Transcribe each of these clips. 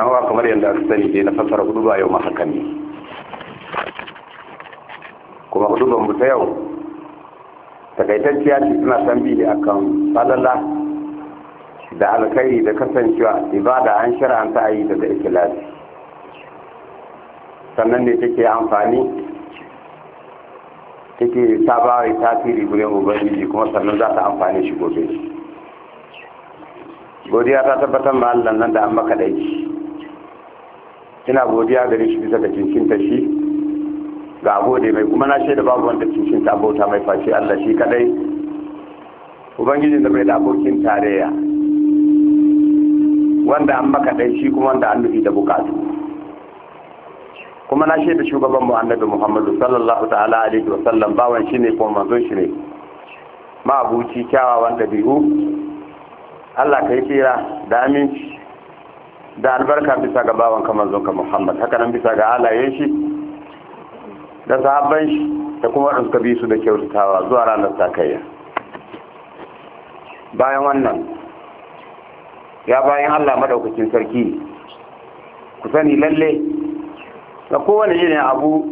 damuwa kamar yadda aka sani dai na fassara hudu ba yau ma haka ne kuma hudu ba mu ta yau takaitacciya ce suna tambi ne akan falala da alkhairi da kasancewa ibada an shara'anta ta yi daga ikilasi sannan ne take amfani take ta ba wa tasiri gurin ubangiji kuma sannan za ta amfani shi gobe godiya ta tabbatar ma Allah nan da an maka dai ina godiya gare shi bisa ga cincinta shi ga gode mai kuma na shaida babu wanda cincinta bauta mai face Allah shi kadai ubangiji da mai da abokin tarayya wanda an maka dai shi kuma wanda an nufi da bukatu kuma na shaida shugaban mu annabi Muhammadu sallallahu ta'ala alaihi wa sallam bawan shi ne kuma manzon shi ne ma abuci kyawawan dabi'u Allah kai tsira da aminci da albarka bisa ga bawan kamar zonka muhammad haka nan bisa ga alaye shi da sahabban shi da kuma waɗanda suka bi su da kyautatawa zuwa ranar takayya bayan wannan ya bayan allah maɗaukacin sarki ku sani lalle Da kowane irin abu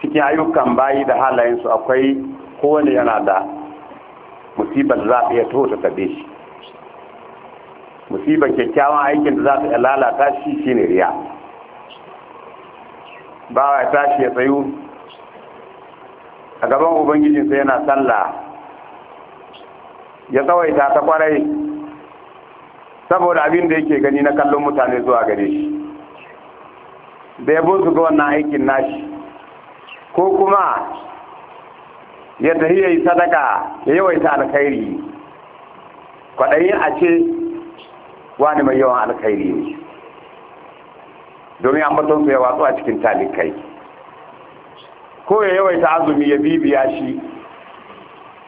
cikin ayyukan bayi da halayensu akwai kowane yana da musibar zaɓe ya iya ta tabe shi musibar kyakkyawan aikin da za ta lalata shi ne riya Ba ya tashi ya tsayu a gaban ubangijinsa yana sallah ya tsawaita ta kwarai saboda abin da yake gani na kallon mutane zuwa gare shi da ya su ga wannan aikin nashi ko kuma ya tafi ya yi sadaka ya yawaita alkhairi kwaɗayin a ce wani mai yawan alkhairi ne domin an su ya watsu a cikin talikai ko ya yawaita azumi ya bibiya shi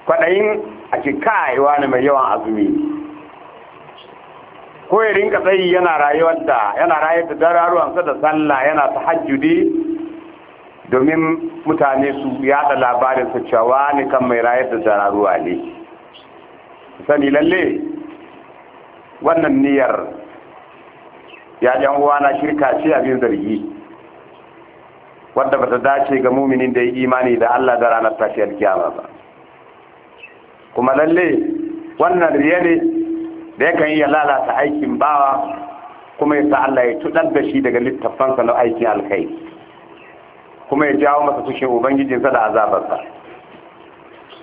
kwaɗayin a cika wani mai yawan azumi ne ko ya rinka tsayi yana rayuwar da yana rayar da dararuwansa da sallah yana ta hajjude domin mutane su yada labarin su cewa ne kan mai rayuwar da dararuwa ne sani lalle wannan niyyar ya yan uwana shirka ce abin zargi wadda bata dace ga muminin da ya imani da Allah da ranar tashiyar kiyama ba kuma lalle wannan riya ne da yakan iya lalata aikin bawa kuma yasa Allah ya tudar da shi daga littafansa na aikin alkai kuma ya jawo masa fushin ubangijinsa da azabarsa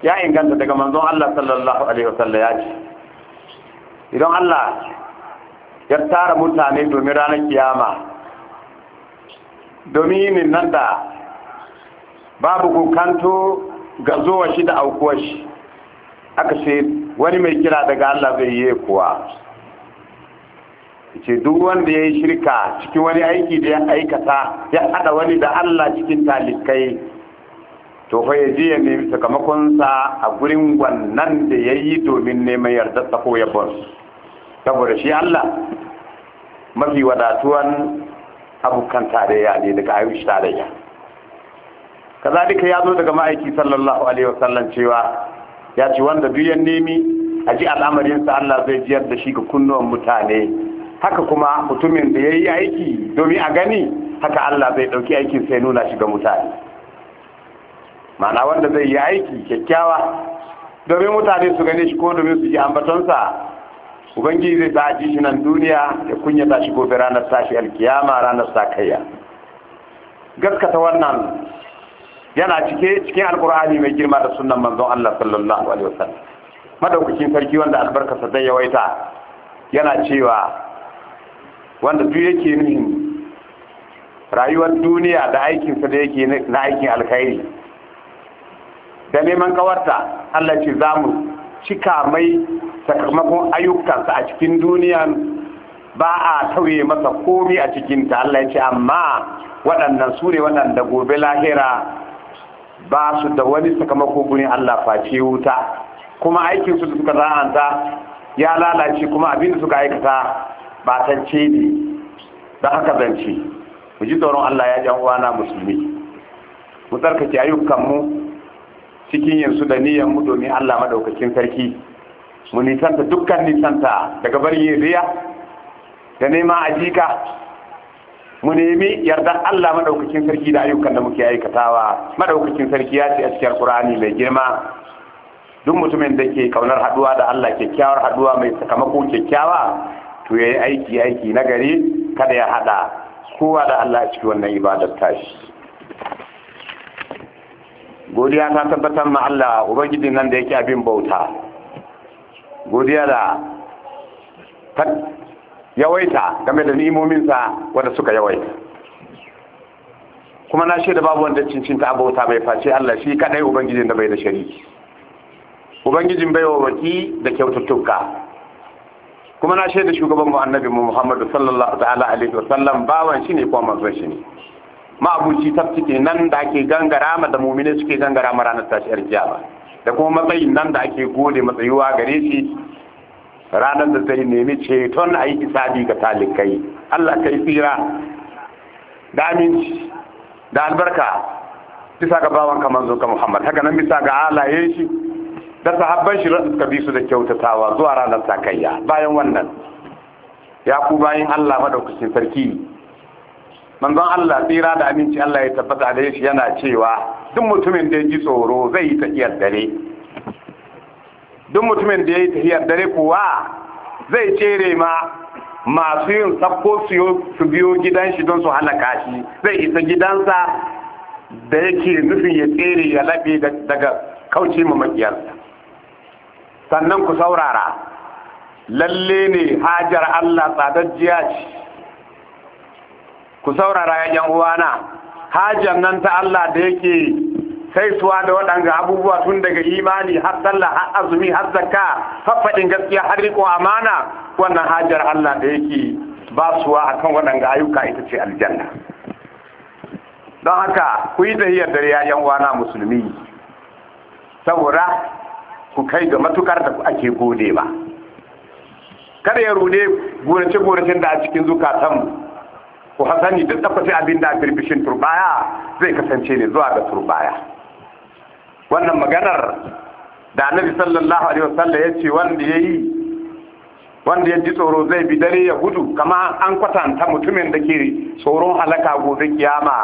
ya inganta daga manzon Allah sallallahu alaihi wasallam ya ce idan Allah ya tara mutane domin ranar kiyama domin yinin nan da babu kukanto ga zuwa shi da aukuwa shi aka ce wani mai kira daga Allah zai yi kuwa ce duk wanda ya yi shirka cikin wani aiki da ya aikata ya haɗa wani da Allah cikin talikai to fa ya je ya nemi sakamakonsa a gurin wannan da ya yi domin neman ta ko yabonsu saboda shi Allah mafi wadatuwan tare tarayya ne daga ayyushi tarayya kazalika ya zo daga ma'aiki sallallahu alaihi wasallam cewa ya ci wanda duk ya nemi a ji sa Allah zai jiyar da shi ga kunnuwan mutane haka kuma mutumin da yayi aiki domin a gani haka Allah zai ɗauki aikin sai nuna shi ga mutane ma'ana wanda zai yi aiki kyakkyawa domin mutane su gane shi ko domin su ji ambatonsa ubangiji zai ta ji shi nan duniya ya kunya ta shi gobe ranar tashi alkiyama ranar sakayya gaskata wannan yana cike cikin alkur'ani mai girma da sunan manzon Allah sallallahu alaihi wasallam madaukakin sarki wanda albarkarsa zai yawaita yana cewa wanda duk yake nuhin rayuwar duniya da aikinsa da yake na aikin alkhairi da neman kawarta Allah ce za mu cika mai sakamakon ayyukansa a cikin duniya ba a tauye masa komi a cikinta Allah ya ce amma waɗannan su ne waɗanda gobe lahira ba su da wani sakamako gurin Allah face wuta kuma aikinsu da suka za'anta ya lalace kuma abin da suka aikata ba ta ce ne da haka zance mu ji tsoron Allah ya jan uwana musulmi mu tsarkake ayyukanmu cikin yanzu da niyyar mu domin Allah madaukakin sarki mu nisanta dukkan nisanta daga bari yin riya da neman ajika mu nemi yardar Allah madaukakin sarki da ayyukan da muke aikatawa madaukakin sarki ya ce a cikin Qur'ani mai girma duk mutumin da ke kaunar haɗuwa da Allah kyakkyawar haɗuwa mai sakamako kyakkyawa to yayi aiki aiki na gari kada ya haɗa. kowa da Allah a cikin wannan ibadar tashi godiya ta tabbatar ma Allah ubangiji nan da yake abin bauta godiya da yawaita game da ni'imominsa wanda suka yawaita kuma na shaida babu wanda cincin ta abauta bai face Allah shi kadai ubangijin da bai da shari'i, ubangijin bai wa waki da kyaututtuka kuma na shaida shugaban mu annabi mu Muhammadu sallallahu ta'ala alaihi wa sallam bawan shi ne kuma manzon shi ne abuci tafsiri nan da ake gangara ma da mu'mine suke gangara ma ranar tashiyar kiyama da kuma matsayin nan da ake gode matsayuwa gare shi ranar da zai nemi ceton a yi isabi ga talikai Allah ka yi tsira da aminci da albarka bisa ga bawan kamar zuka Muhammad haka nan bisa ga alaye shi da sahabban shi suka bi su da kyautatawa zuwa ranar sakayya bayan wannan ya ku bayan Allah madaukakin sarki manzon Allah tsira da aminci Allah ya tabbata da shi yana cewa duk mutumin da ya ji tsoro zai yi tafiyar dare duk mutumin da ya yi tafiyar dare kuwa zai cere ma masu yin sabko su biyo gidan shi don su halaka shi zai isa gidansa da yake nufin ya tsere ya labe daga kauce ma makiyarsa sannan ku saurara lalle ne hajar Allah tsadajjiya ce ku saurara ya yan uwana hajjan nan ta Allah da yake kaisuwa da waɗanga abubuwa tun daga imani har sallah har azumi har zakka faɗin gaskiya har riko amana wannan hajar Allah da yake basuwa akan waɗanga ayyuka ita ce aljanna don haka ku yi tahiyar dare ya yan uwana musulmi saboda ku kai ga matukar da ake gode ba kada ya rude gorace-goracen da a cikin zukatan ku hasani duk tafasi abin da birbishin turbaya zai kasance ne zuwa ga turbaya wannan maganar da annabi sallallahu alaihi wasallam ya ce wanda ya yi wanda ya ji tsoro zai bi dare ya gudu kama an kwatanta mutumin da ke tsoron halaka gobe kiyama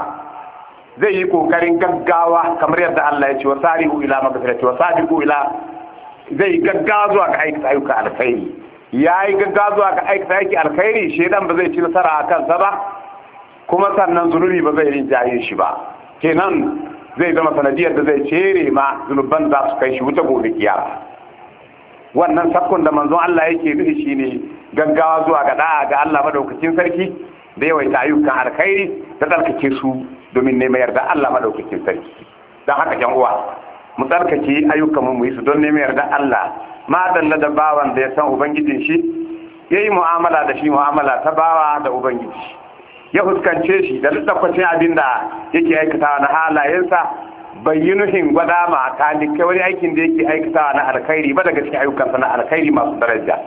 zai yi kokarin gaggawa kamar yadda Allah ya ce wa ila magfirati wa ila zai gaggawa zuwa ga aikata ayyuka alkhairi ya yi gaggawa zuwa ga aikata aiki alkhairi shedan ba zai ci nasara a kansa ba kuma sannan zunubi ba zai rinjaye shi ba kenan zai zama sanadiyar da zai cere ma zunuban za su kai shi wuta gobe kiyama wannan sakon da manzon Allah yake nufi shine gaggawa zuwa ga da'a ga Allah madaukakin sarki da yawaita ayyukan alkhairi da tsarkake su domin neman yarda Allah madaukakin sarki Da haka yan uwa mu tsarkake ayyukan mu yi su don neman yarda Allah ma dalla da bawan da ya san ubangijin shi yayi mu'amala da shi mu'amala ta bawa da ubangiji ya fuskance shi da ladakwacin abin da yake aikatawa na halayensa bai yi nufin gwada ma talikai wani aikin da yake aikatawa na alkhairi ba daga cikin ayyukansa na alkhairi masu daraja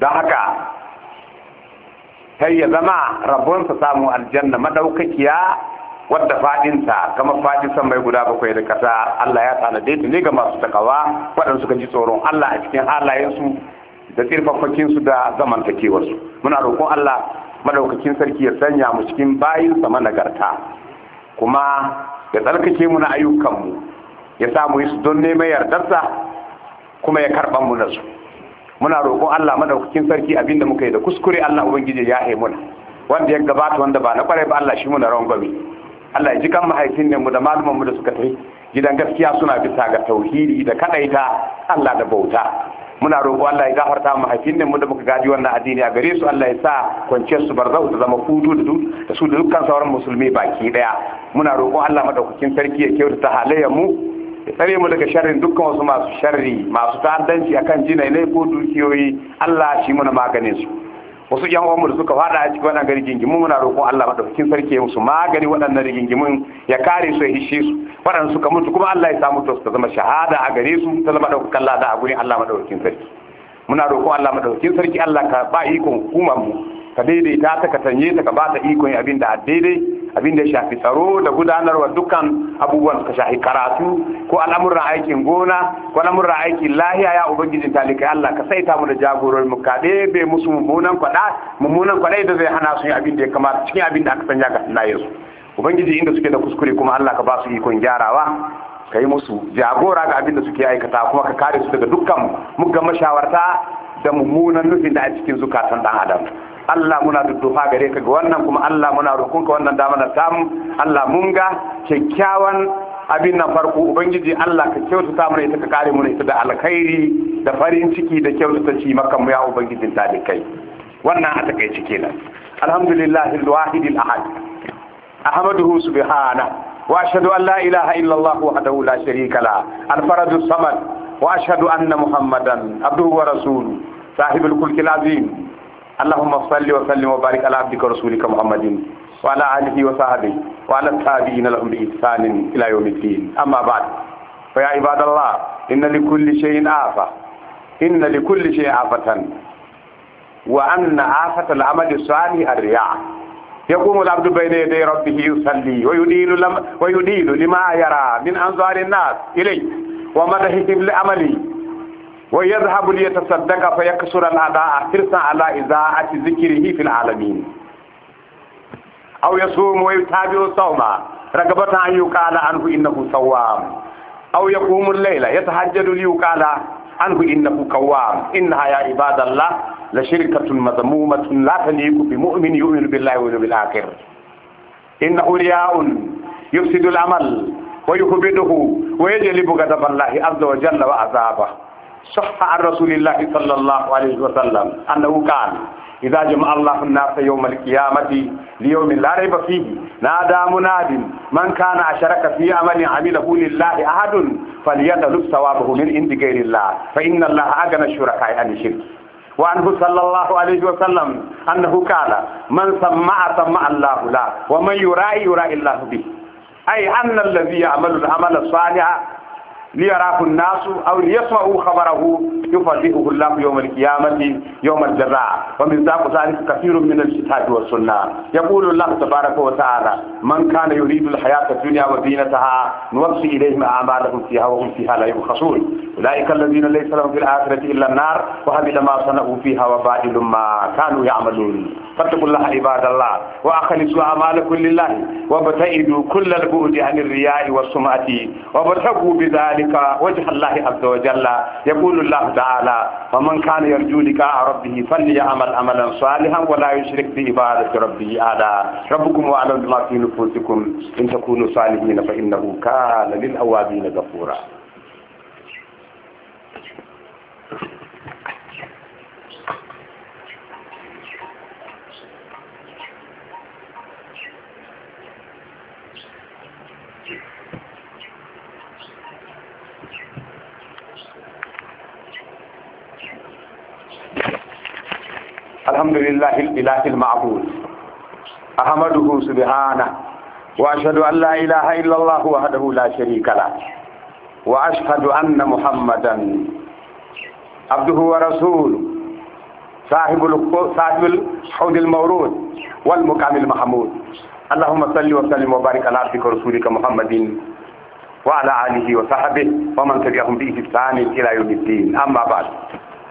don haka sai ya zama rabonsa samu aljanna madaukakiya wadda fadinta kama fadin san mai guda bakwai da kasa Allah ya tsana da ne ga masu takawa waɗanda suka ji tsoron Allah a cikin halayensu da tsirfafakinsu da zamantakewarsu muna roƙon Allah madaukakin sarki ya sanya mu cikin bayinsa managarta kuma ya tsarkake mu na ayyukanmu ya sa mu yi su don neman yardarsa kuma ya karɓan mu da su muna roƙon Allah madaukakin sarki abinda muka yi da kuskure Allah ubangiji ya haimu muna wanda ya gabata wanda ba na kwarai ba Allah shi muna rangwame Allah ya ji kan mahaifin mu da malumanmu da suka tafi gidan gaskiya suna bisa ga tauhidi da kadaita Allah da bauta muna roƙo Allah ya gafarta mu hakkin mu da muka gaji wannan addini a gare su Allah ya sa kwanciyar su barza ta zama kudu da su da dukkan sauran musulmi baki daya muna roƙo Allah madaukakin sarki ya kyautata halayyar mu ya tsare mu daga sharrin dukkan wasu masu sharri masu ta'addanci akan jinai ne ko dukiyoyi Allah shi muna maganin su wasu yan uwanmu da suka fada a cikin wannan rigingimu muna roƙon Allah madaukakin sarki ya musu magani waɗannan rigingimun ya kare su ya hishe su waɗanda suka mutu kuma Allah ya samu tosu ta zama shahada a gare su ta zama ɗaukakan lada a gurin Allah madaukakin sarki muna roƙon Allah madaukakin sarki Allah ka ba ikon hukumar mu ka daidaita ta ka tanye ta ka ba ta ikon abin da daidai abin da ya shafi tsaro da gudanarwa dukkan abubuwan suka shafi karatu ko al'amuran aikin gona ko al'amuran aikin lahiya ya ubangijin talikai Allah ka saita mu da jagororin mu kaɗe bai musu mummunan kwaɗa mummunan kwaɗa da zai hana su yin abin da ya kamata cikin abin da aka sanya ga hannayen su ubangiji inda suke da kuskure kuma Allah ka ba su ikon gyarawa ka yi musu jagora ga abin da suke aikata kuma ka kare su daga dukkan muggan mashawarta da mummunan nufin da a cikin zukatan dan adam Allah muna duddufa gare ka ga wannan kuma Allah muna roƙonka wannan dama na samu Allah mun ga kyakkyawan abin nan farko ubangiji Allah ka kyautata mana ita ka kare mana ita da alkhairi da farin ciki da kyautata ci maka mu ya ubangijin talikai wannan a takaice kenan alhamdulillahi alwahid alahad ahmaduhu subhana wa ashhadu an la ilaha illa Allah wahdahu la sharika la al samad wa ashhadu anna muhammadan abduhu wa rasuluhu sahibul kulki azim اللهم صل وسلم وبارك على عبدك ورسولك محمد وعلى آله وصحبه وعلى التابعين لهم بإحسان إلى يوم الدين أما بعد فيا عباد الله إن لكل شيء آفة إن لكل شيء آفة وأن آفة العمل الصالح الرياء يقوم العبد بين يدي ربه يصلي ويدين لما ويدين لما يرى من أنظار الناس إليه ومدحهم لعمله ويذهب ليتصدق فيكسر الأداء حرصا على إذاعة ذكره في العالمين أو يصوم ويتابع الصوم رغبة أن يقال عنه إنه صوام أو يقوم الليل يتهجد ليقال عنه إنه قوام إنها يا عباد الله لشركة مذمومة لا تليق بمؤمن يؤمن بالله ويؤمن بالآخر إنه رياء يفسد العمل ويكبده ويجلب غضب الله عز وجل وعذابه صح عن رسول الله صلى الله عليه وسلم أنه كان إذا جمع الله الناس يوم القيامة ليوم لا ريب فيه نادى مناد من كان أشرك في عمل عمله لله أحد فليتلب ثوابه من عند غير الله فإن الله أغنى الشركاء عن الشرك وعنه صلى الله عليه وسلم أنه قال من سمع سمع الله لا ومن يرائي يرائي الله به أي أن الذي يعمل العمل الصالح ليراه الناس أو ليسمعوا خبره يفضحه الله يوم القيامة يوم الجزاء ومصداق ذلك كثير من الكتاب والسنة يقول الله تبارك وتعالى من كان يريد الحياة الدنيا وزينتها نوفي إليهم أعمالهم فيها وهم فيها لا يبخسون أولئك الذين ليس لهم في الآخرة إلا النار وهبل ما صنعوا فيها وبائل ما كانوا يعملون فاتقوا الله عباد الله وأخلصوا أعمالكم لله وابتعدوا كل البعد عن الرياء والسمعة وابتغوا بذلك ذلك وجه الله عز وجل يقول الله تعالى فمن كان يرجو لقاء ربه فليعمل عملا صالحا ولا يشرك بعبادة ربه أحدا ربكم وأعلم بما في نفوسكم إن تكونوا صالحين فإنه كان للأوابين غفورا الحمد لله الإله المعبود أحمده سبحانه وأشهد أن لا إله إلا الله وحده لا شريك له وأشهد أن محمدا عبده ورسوله صاحب صاحب الحوض المورود والمقام المحمود اللهم صل وسلم وبارك على عبدك ورسولك محمد وعلى آله وصحبه ومن تبعهم بإحسان إلى يوم الدين أما بعد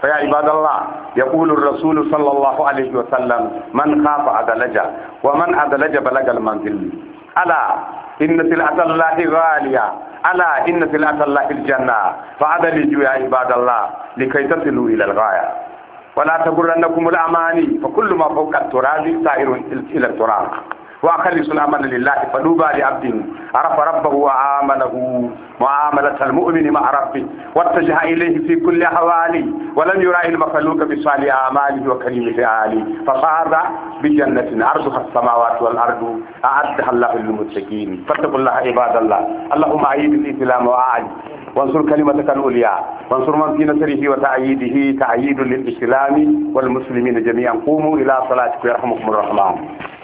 فيا عباد الله يقول الرسول صلى الله عليه وسلم من خاف أدلج ومن أدلج بلغ المنزل ألا إن سلعة الله غالية ألا إن سلعة الله الجنة فأدلجوا يا عباد الله لكي تصلوا إلى الغاية ولا تغرنكم الأماني فكل ما فوق التراب سائر إلى التراب وأخلص الأمل لله فلوبى لعبد عرف ربه وعامله معاملة المؤمن مع ربه واتجه إليه في كل حوالي ولم يرى المخلوق بصالح أعماله وكريم فعالي فصار بجنة أرضها السماوات والأرض أعدها الله للمتقين فاتقوا الله عباد الله اللهم أعيد الإسلام وأعد وانصر كلمتك العليا وانصر من في نصره وتأييده تأييد للإسلام والمسلمين جميعا قوموا إلى صلاتك يرحمكم الرحمن